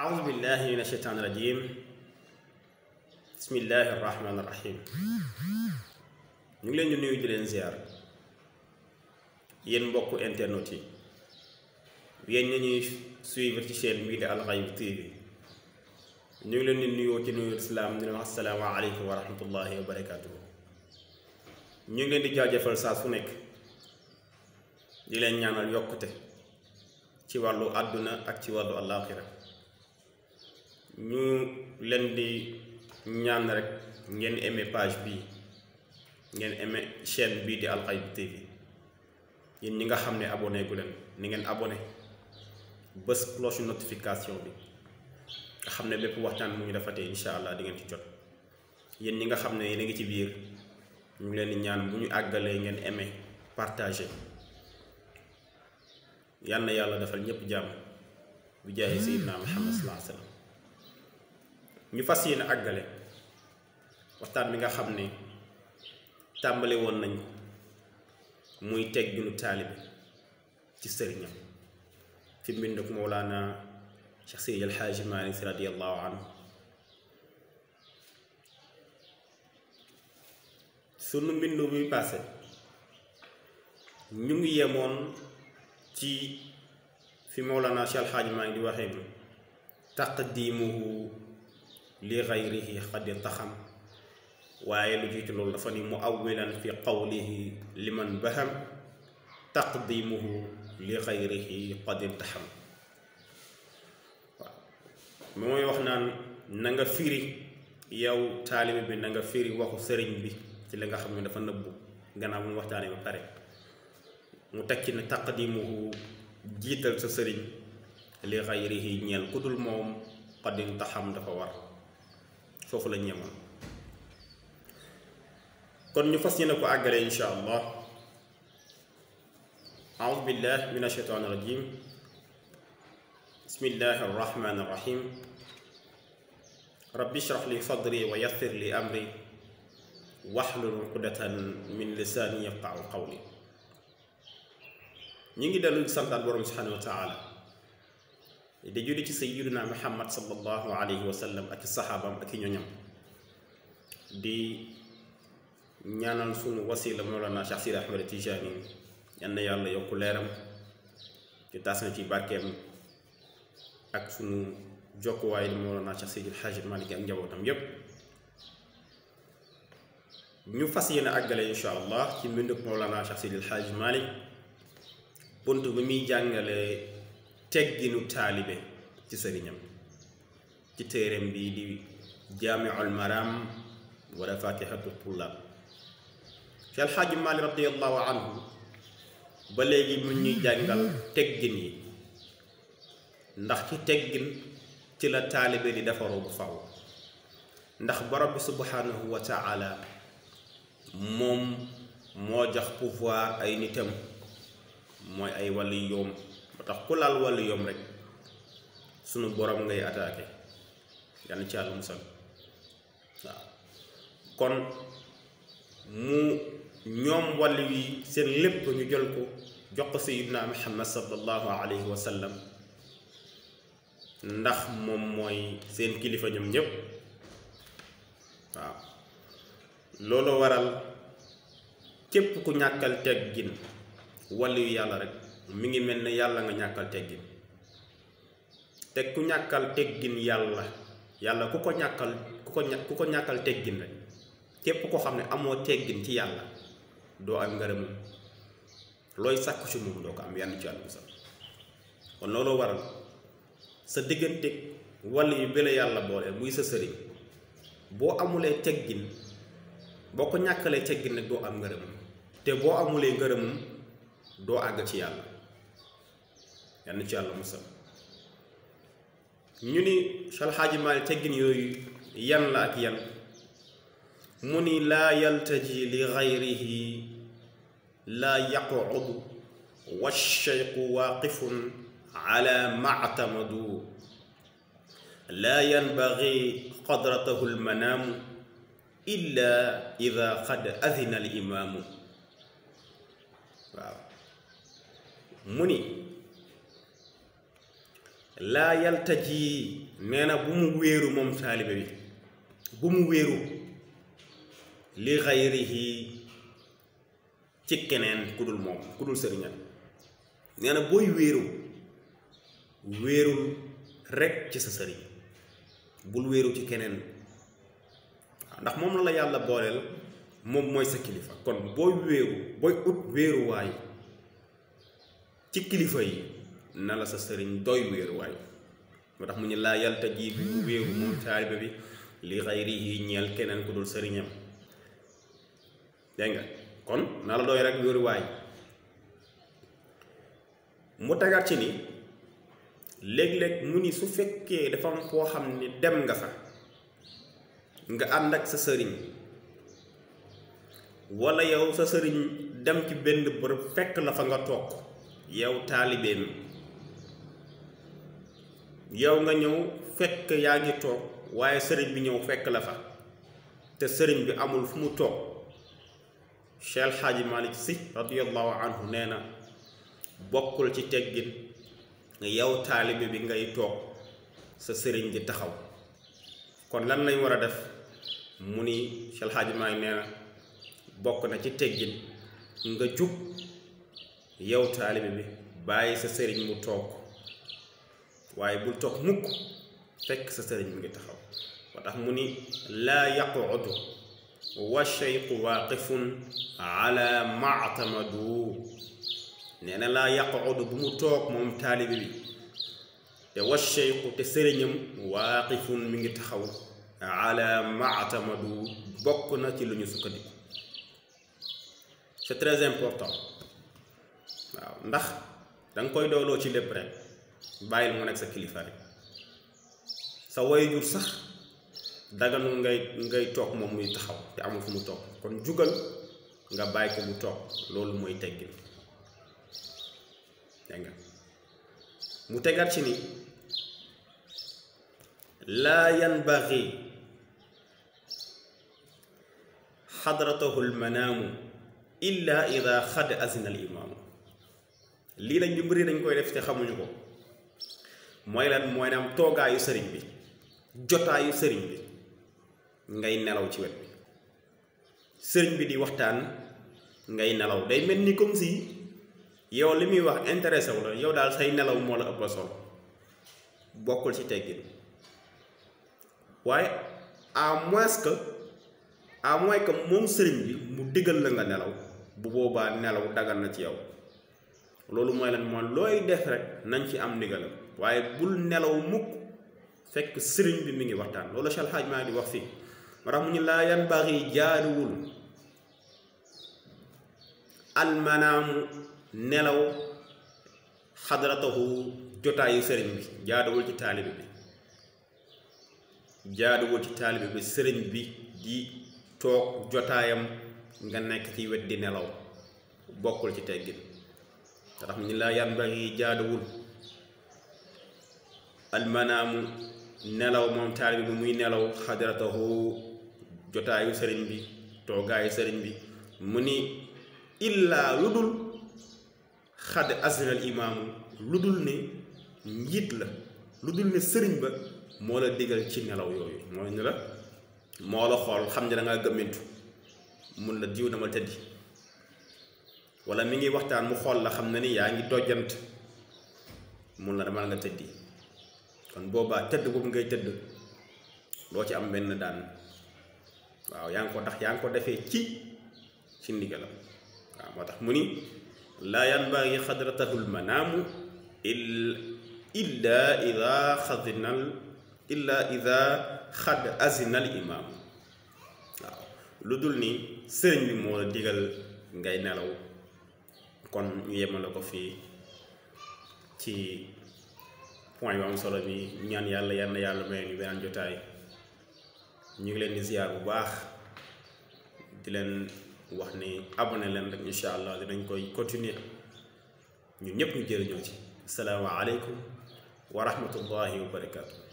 أعوذ بالله من الشيطان الرجيم بسم الله الرحمن الرحيم ñu ngi leen di nuyu di leen ziar yéen mbokk internet yi yéen ñi ñuy suivre ñu ngi leen di nuyoo ci nuyu islaam di leen wax assalaamu aleykum wa wa barakaatuhu ñu ngi leen di jaajëfal saa su nekk di leen ñaanal yokkute ci wàllu àdduna ak ci wàllu àllaaxira ñu leen di ñaan rek ngeen aimé page bi ngeen aimé chaîne bii di Alxaïb TV yéen ñi nga xam ne abonné gu leen ni ngeen abone bés cloche notification bi nga xam ne bépp waxtaan mu ñu defatee incha allah di ngeen ci jot yéen ñi nga xam ne yéen a ngi ci biir ñu ngi leen di ñaan bu ñu àggalee ngeen amee partagé yal na yàlla defal ñëpp jàmm bu jaayee sayyidina Muhammad sallallahu ñu fas yéene àggale waxtaan bi nga xam ne tàmbali woon nañ ko muy tegginu taalibe ci sëriñam fi mbinduk Mawlaana Cheikh Seydi El Hadji Malick Sy radiyallahu anhu sunu mbindu bi passé ñu ngi yemoon ci fi Mawlaana Cheikh El Hadji Malick di waxee bi taqdimuhu li xayrihi xadi taxam waaye lu jiitu loolu dafa ni muawilan fi qawlihi liman baham taqdimuhu li xayrihi qad iltaham waaw mooy wax naan na nga firi yow taalibe bi na nga firi waxu sëriñ bi ci li nga xam ne dafa nëbbu gannaaw mu waxtaanee ba pare mu teg ci ne taqdimuhu jiital sa sëriñ li xayrihi ñeel ku dul moom qad iltaham dafa war foofu lañ yemoon kon ñu fas yéene ko àggale insha allah aoudu billah min ashaitan irajim bismillahi arrahmani irrahim rabbi shrah li sadri wa yassir li amri waxlul uqdatan min lisaani yafqahu qawli ñi ngi dellu santaat borom subhanahu wa taala da julli ci sayyiduna muhammad sallallahu alayhi wa sallam ak saxaabam ak ñoñam di ñaanal sunu wasila Mawlana Cheikh Sidi Ahmed Tijani yal na yàlla yokk leeram te taas na ci barkeem ak sunu jokkuwaay di Mawlana Cheikh Sidi Hadj Malick ak njabootam yépp ñu fas yéene àggale incha allah ci mbindug Mawlana Cheikh Sidi Hadj Malick bunt bi muy jàngale tegginu taalibe ci sëriñam ci téereem bii di jaamiul maram wala fatihatu tullaab ci alxaaji maalik radiallahu anhu ba léegi mu ñuy jàngal teggin yi ndax ci teggin ci la taalibe di defaroo bu faw ndax borom bi subhanahu wa moom moo jox pouvoir ay nitam mooy ay wàllu yoom ba tax ku laal wàllu yoom rek sunu borom ngay attaqué yàlla ci àll waaw kon mu ñoom wàllu wi seen lépp ñu jël ko jox ko sayidna muhammad sallallahu alayhi wa sallam ndax moom mooy seen kilifa ñoom ñëpp waaw loolu waral képp ku ñàkkal teggin wàllu yu yàlla rek mi ngi mel ne yàlla nga ñàkkal teggin te ku ñàkkal teggin yàlla yàlla ku ko ñàkkal ku ko ko ñàkkal teggin rek képp koo xam ne amoo teggin ci yàlla doo am ngërëm looy sàkku ci moom doo ko am yann ci yàlla bu waral sa diggante wàll yu bële yàlla boole muy sa sëriñ boo amulee teggin boo ko ñàkkalee teggin nag doo am ngërëm te boo amulee ngërëmam doo àgg ci yàlla yàlla na ci yàlla musal ñu ni salxaaji maali teggin yooyu yan la ak yan mu ni laa yaltaji li gayrihi laa yaqudu walcheyqu waaqifun ala mactamadu laa yanbagi qadratahu lmanaamu illa ida qad adina alimaamu waaw mu ni laa yaltaji nee na bu mu wéeru moom taalibe bi bu mu wéeru li yi ci keneen ku dul moom ku dul sëriñam nee na booy wéeru wéerul rekk ci sa sëriñ bul wéeru ci keneen ndax moom la la yàlla booleel moom mooy sa kilifa kon booy wéeru booy ut wéeruwaay ci kilifa yi na la sa sëriñ doy wéeruwaay moo tax mu ñu laa yàlla tajib bu wéeru moom taaliba bi li xayrihi ñeel keneen ku dul sëriñam dégg kon na la doy rek wéeruwaay mu tegaat ci ni léeg-léeg mu ni su fekkee dafa am foo xam ni dem nga fa nga ànd ak sa sëriñ walla yow sa sëriñ dem ci benn bërëb fekk la fa nga toog yow taalibeem yow nga ñëw fekk yaa ngi toog waaye sëriñ bi ñëw fekk la fa te sëriñ bi amul fu mu toog Cheikh El Hadji Malick Sy radiyallahu nee na bokkul ci teggin yow taalibe bi ngay toog sa sëriñ di taxaw kon lan lañ war a def mu ni Cheikh El Hadji Malick nee na bokk na ci teggin nga jug yow taalibe bi bàyyi sa sëriñ mu toog waaye bul toog mukk fekk sa sëriñ mu ngi taxaw moo tax mu ni laa yaqudu wa sheyqu waaqifun ala matamadu nee na laa yaqudu bu mu toog moom taalibi bi te wa sheyqu waaqifun mi ngi taxaw ala matamadu bokk na ci lu ñu sukkandiku c'est très important waaw ndax danga koy dooloo ci lépp bàyyil mu nekk sa kilifa rek sa waajur sax daganul ngay ngay toog moom muy taxaw te amul fu mu toog kon jugal nga bàyyi ko mu toog loolu mooy teggin dégg nga mu tegaat ci ni laa yanbaxi xadratahu lmanaamu illa ida xad azina al imaamu lii lañ ñu mbëri dañ koy def te xamuñu ko mooy lan mooy naam toogaayu sëriñ bi jotaayu sëriñ bi ngay nelaw ci wet bi sëriñ bi di waxtaan ngay nelaw day mel ni comme si yow li muy wax intéressé wu la yow daal say nelaw moo la ëpp solo bokkul ci teggin waaye à moins que à moom sëriñ bi mu digal la nga nelaw bu boobaa nelaw dagan na ci yow loolu mooy lan mooy looy def rek nañ ci am ndigalam waaye bul nelaw mukk fekk sëriñ bi mi ngi waxtaan loolu Cheikh Alhaaj maa di wax fii ma tax mu ñu laa yan baax yi jaaduwul almanaamu nelaw xadratahu jotaayu sëriñ bi jaaduwul ci taalibe bi jaaduwul ci taalibe bi sëriñ bi di toog jotaayam nga nekk ci wet di nelaw bokkul ci teggin te tax mu ñu laa yan baax jaaduwul almanaamu nelaw moom taalibe bi muy nelaw xadratahu jotaayu sëriñ bi toogaayu sëriñ bi mu ni illaa lu dul xad asnal imaamu lu dul ne njiit la lu dul ne sëriñ ba moo la digal ci nelaw yooyu mooy ne la moo la xool xam ne da ngaa gëmmintu mun la diw dama tëddi wala mi ngi waxtaan mu xool la xam na ni yaa ngi dojjant mun la dama nga tëddi kon boobaa tëdd boobu ngay tëdd doo ci am benn daan waaw yaa ngi ko tax yaa ngi ko defee ci ci ndigalam waaw moo tax mu ni laa yanbagi xadratahu lmanaamu illa ida xadinal illa ida xad azinal imaam waaw lu dul ni sëriñ bi moo digal ngay nelaw kon ñu ko fii ci point yu am solo bi ñaan yàlla yal na yàlla may ñu beneen jotaay ñu ngi leen di ziar bu baax di leen wax ni abonné leen rek incha allah dinañ koy continuer ñun ñëpp ñu jëriñoo ci asalaamaaleykum wa rahmatullahi wa barakaatu.